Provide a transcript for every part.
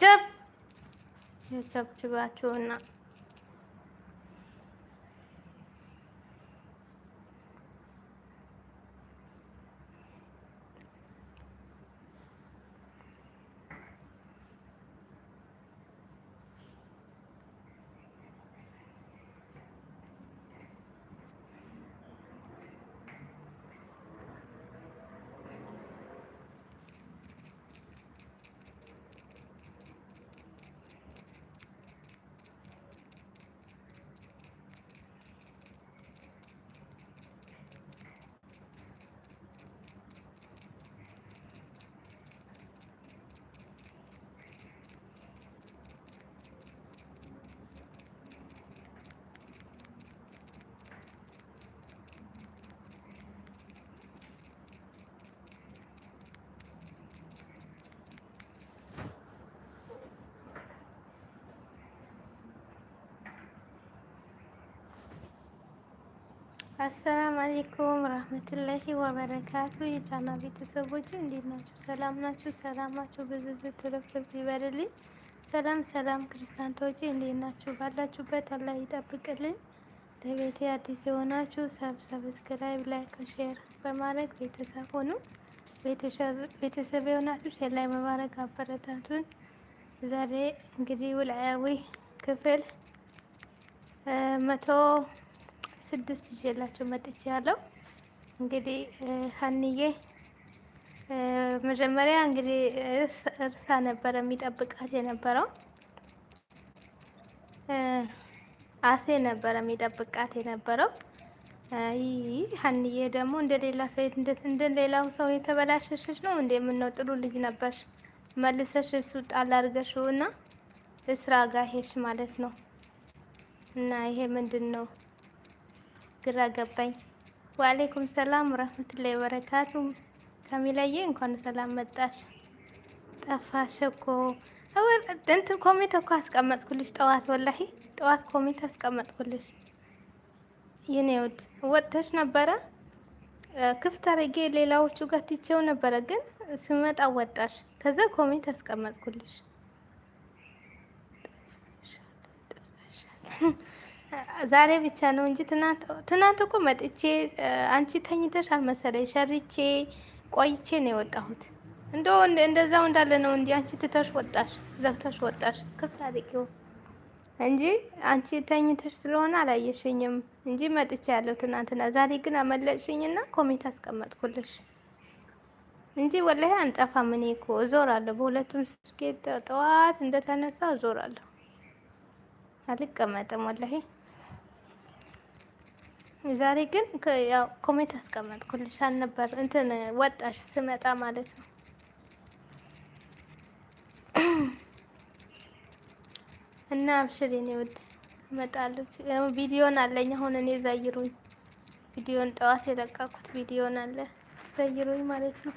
ጀብ ጀብጅባችሁና አሰላም አሌይኩም ረህመቱላሂ ወበረካቱ የጫና ቤተሰቦች እንዴት ናችሁ? ሰላም ናችሁ? ሰላማችሁ ብዝዝ ትርፍርፍ ይበልልኝ። ሰላም ሰላም ክርስቲያንቶች እንዴት ናችሁ? ባላችሁበት አላህ ይጠብቅልኝ። ለቤቴ አዲስ የሆናችሁ ሰብ ሰብስክራይብ፣ ላይክ፣ ሼር በማድረግ ቤተሰብ ሆኑ። ቤተሰብ የሆናችሁ ሼር ላይ በማድረግ አበረታቱን። ዛሬ እንግዲህ ኖላዊ ክፍል መቶ ስድስት ይዤላቸው መጥቼ ያለው እንግዲህ ሀንዬ መጀመሪያ እንግዲህ እርሳ ነበረ የሚጠብቃት የነበረው አሴ ነበረ የሚጠብቃት የነበረው። ይህ ሀንዬ ደግሞ እንደሌላ ሰው እንደሌላው ሰው የተበላሸሸች ነው እንደ የምነው ጥሩ ልጅ ነበርሽ፣ መልሰሽ እሱ ጣል አድርገሽው እና እስራ ጋር ሄድሽ ማለት ነው። እና ይሄ ምንድን ነው? ግራ ገባኝ። ወአሌይኩም ሰላም ወረህመቱላሂ ወበረካቱ። ከሚለዬ እንኳን ሰላም መጣሽ። ጠፋሽ እኮ እንትን ኮሜንት እኮ አስቀመጥኩልሽ ጠዋት፣ ወላሂ ጠዋት ኮሜንት አስቀመጥኩልሽ። የኔ ውድ ወጥተሽ ነበረ ክፍት አድርጌ ሌላዎቹ ጋር ትቼው ነበረ፣ ግን ስመጣ ወጣሽ። ከዛ ኮሜንት አስቀመጥኩልሽ ዛሬ ብቻ ነው እንጂ ትናንት እኮ መጥቼ አንቺ ተኝተሽ አልመሰለኝ ሸርቼ ቆይቼ ነው የወጣሁት። እንደ እንደዛው እንዳለ ነው እንዲ አንቺ ትተሽ ወጣሽ፣ ዘግተሽ ወጣሽ። ክፍት አድርጊው እንጂ አንቺ ተኝተሽ ስለሆነ አላየሽኝም እንጂ መጥቼ ያለው ትናንትና። ዛሬ ግን አመለጥሽኝና ኮሜንት አስቀመጥኩልሽ እንጂ ወላሂ አንጠፋም። እኔ እኮ እዞራለሁ በሁለቱም ስኬት ጠዋት እንደተነሳ እዞራለሁ፣ አልቀመጥም ወላ ዛሬ ግን ያው ኮሜንት አስቀመጥኩልሽ አልነበር እንትን ወጣሽ ስመጣ ማለት ነው። እና አብሽር የኔ ውድ እመጣለሁ። ቪዲዮን አለኝ አሁን እኔ ዘይሩኝ፣ ቪዲዮን ጠዋት የለቀኩት ቪዲዮን አለ ዘይሩኝ ማለት ነው።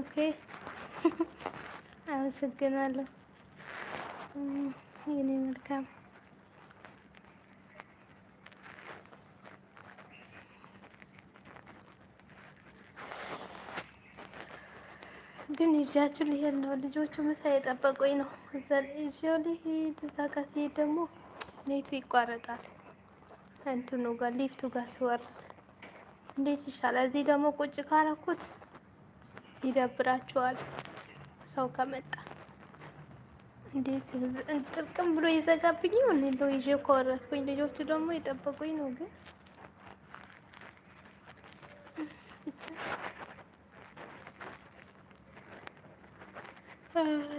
ኦኬ አመሰግናለሁ የኔ መልካም ግን ይዣችሁ ልሄድ ነው። ልጆቹ ምሳ የጠበቁኝ ነው። እዛ ይዤው ልሄድ። እዛ ጋር ሲሄድ ደግሞ ኔቱ ይቋረጣል። እንትኑ ጋር ሊፍቱ ጋር ሲወርድ እንዴት ይሻላል። እዚህ ደግሞ ቁጭ ካረኩት ይደብራችኋል። ሰው ከመጣ እንዴት ጥቅም ብሎ ይዘጋብኝ ይሆን? እንደው ይዤ ከወረስኩኝ ልጆቹ ደግሞ የጠበቁኝ ነው ግን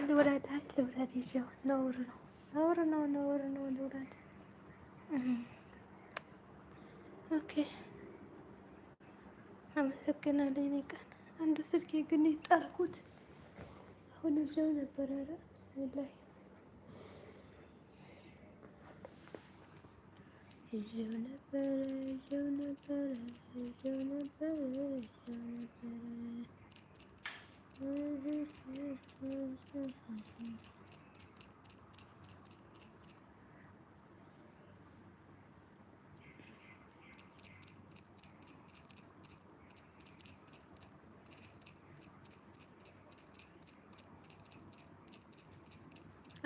ልውረድ ልውረድ ይዤው ነውር ነው ነውር ነው ነውር ነው ልውረድ። ኦኬ አመሰግናለሁ። የእኔ ቀን አንዱ ስልኬ ግን ይጠርኩት አሁን ይዤው ነበረ። ኧረ ብስሚላሂ ይዤው ነበረ ይዤው ነበረ ይዤው ነበረ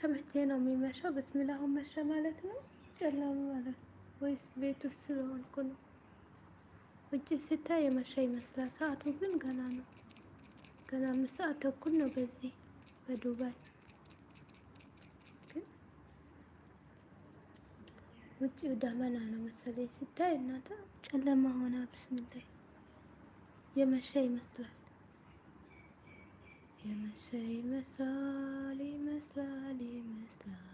ተመቼ ነው የሚመሻው? ብስሚላሁን መሸ ማለት ነው ጨለማ ማለት ነው ወይስ ቤት ውስጥ ስለሆንኩ ነው? ውጭ ስታይ የመሸ ይመስላል። ሰዓቱ ግን ገና ነው። ገና አምስት ሰዓት ተኩል ነው በዚህ በዱባይ ግን ውጭ ደመና ነው መሰለኝ። ስታይ እናንተ ጨለማ ሆነ ብስምላይ የመሸ ይመስላል። يمشي مسلالي مسلالي مسلال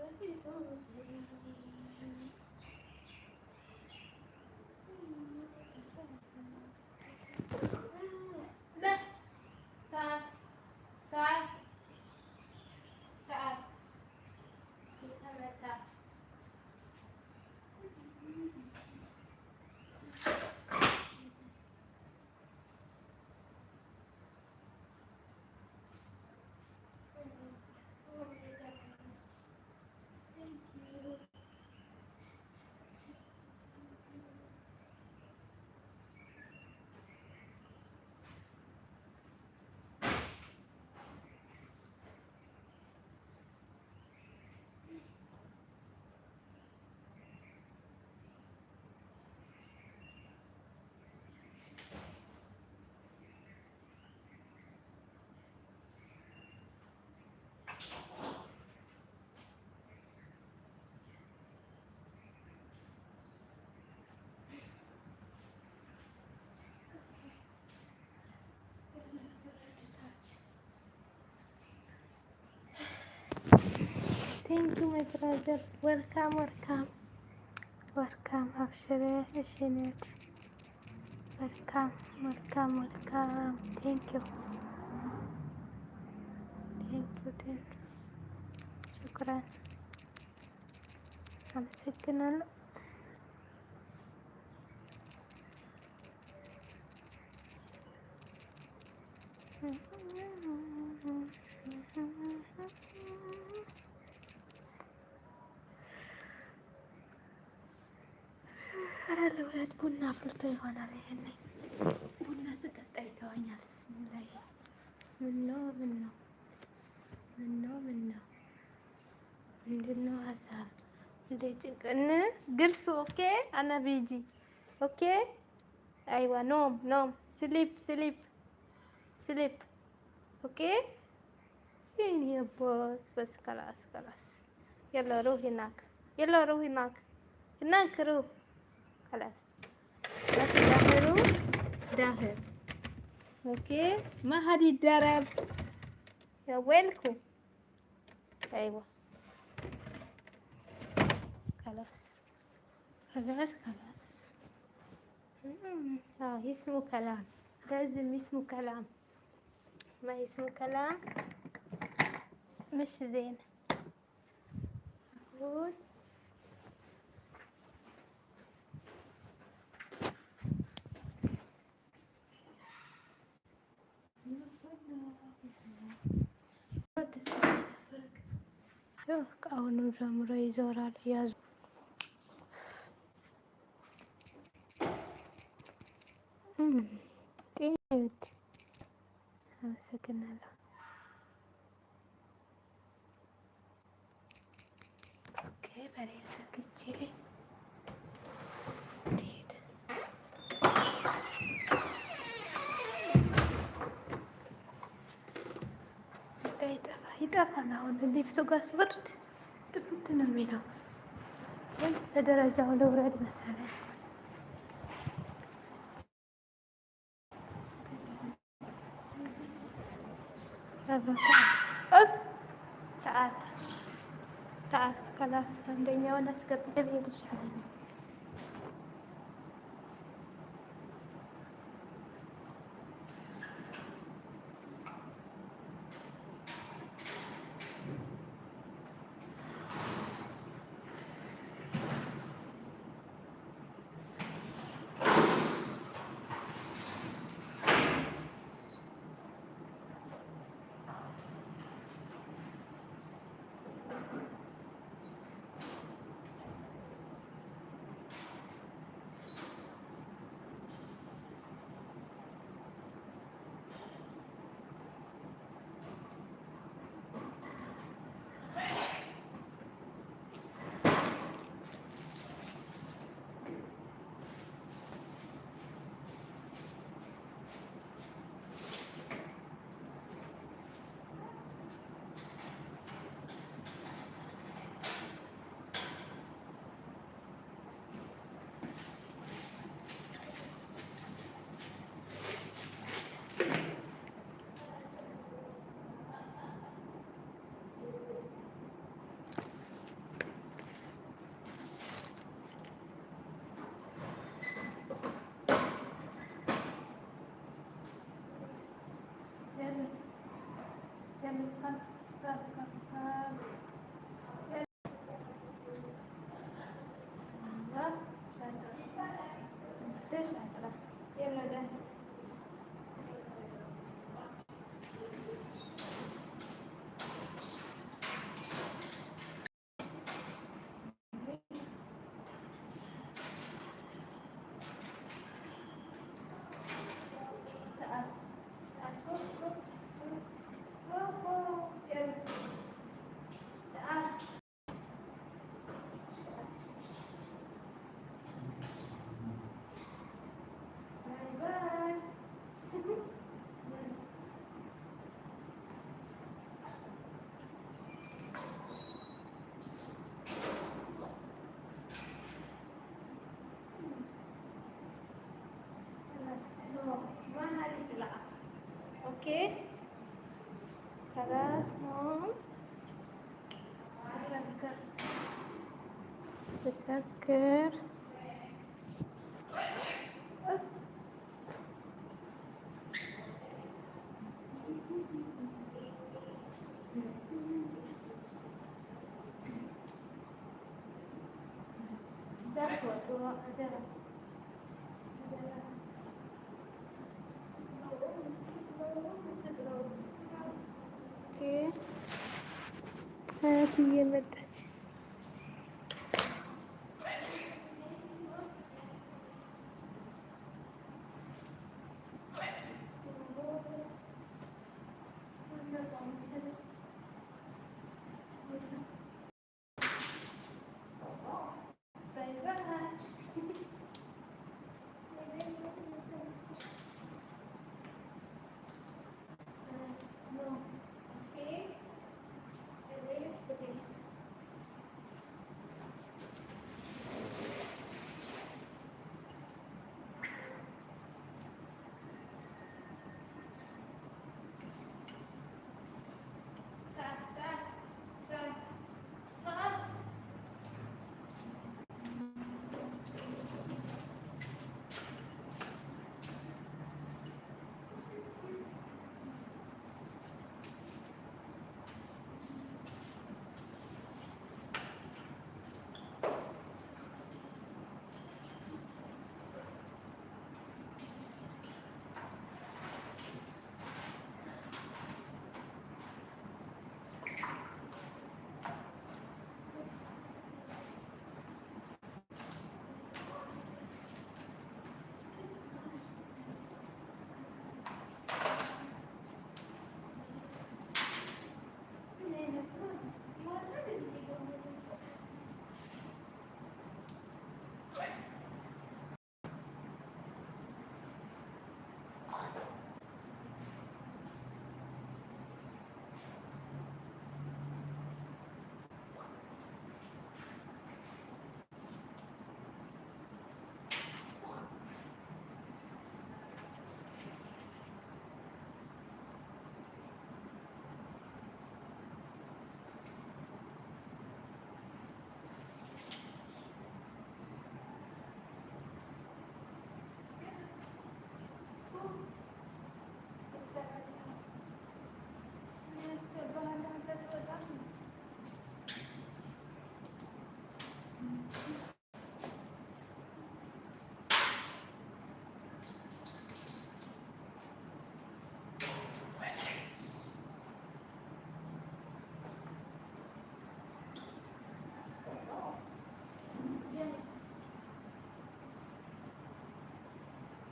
But it's all ቴንኪ ማይ ብራዘር ወልካም ወልካም ወልካም አብሽረ እሽነት ወልካም ወልካም ወልካም ቴንኪው ቴንኪው ቴንኪው ሹክራን አመሰግናለሁ። አፍልቶ ይሆናል። ይሄን ቡና ስጠጣ ይተወኛል። ብስሚላይ ምን ነው ምን ነው ምንድን ነው ሀሳብ እንዴ? ጭንቅን ግልሱ ኦኬ አና ቤጂ ኦኬ አይዋ ኖም ኖም ስሊፕ ስሊፕ ስሊፕ ኦኬ ይህን የቦት በስ ከላስ ከላስ يلا روح هناك يلا روح ይናክ هناك روح خلاص داخله داخل اوكي ما حد يتدرب يا ويلكم ايوه خلاص خلاص خلاص اه اسمه كلام لازم اسمه كلام ما اسمه كلام مش زين أقول ናቸው። አሁንም ጀምሮ ይዞራል ያዙ ጤናዩት አመሰግናለሁ። ኦኬ በሌላ ጊዜ አሁን አሁን ሊፍቱ ጋር ስወርድ ጥፍት ነው የሚለው። ወይስ በደረጃው ልውረድ መሰለኝ። እስ ተአል ተአል ከላስ አንደኛውን አስገብተን ሄድ ይሻለኛል። が抜か سكر اوكي هاتي هي مادتي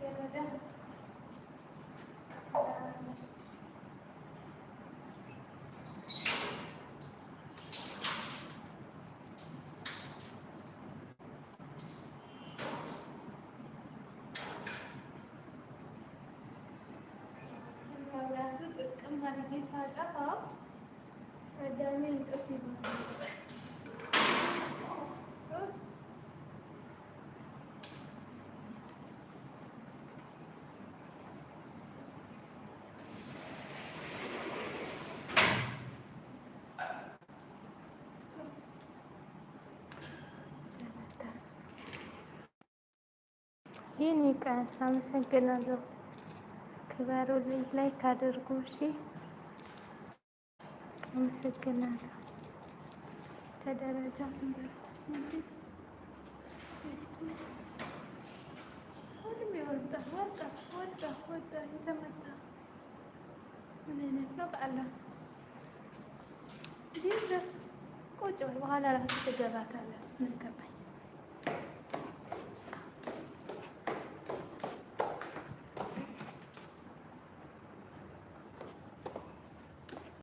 Perdana tutup kembali kisah kapal, itu sibuk. የኔ ቃል አመሰግናለሁ። ክበሩልኝ፣ ላይክ አድርጉ። እሺ፣ አመሰግናለሁ። ተደረጃ ቁጭ በል፣ በኋላ ራሱ ትገባታለህ። ምን ገባኝ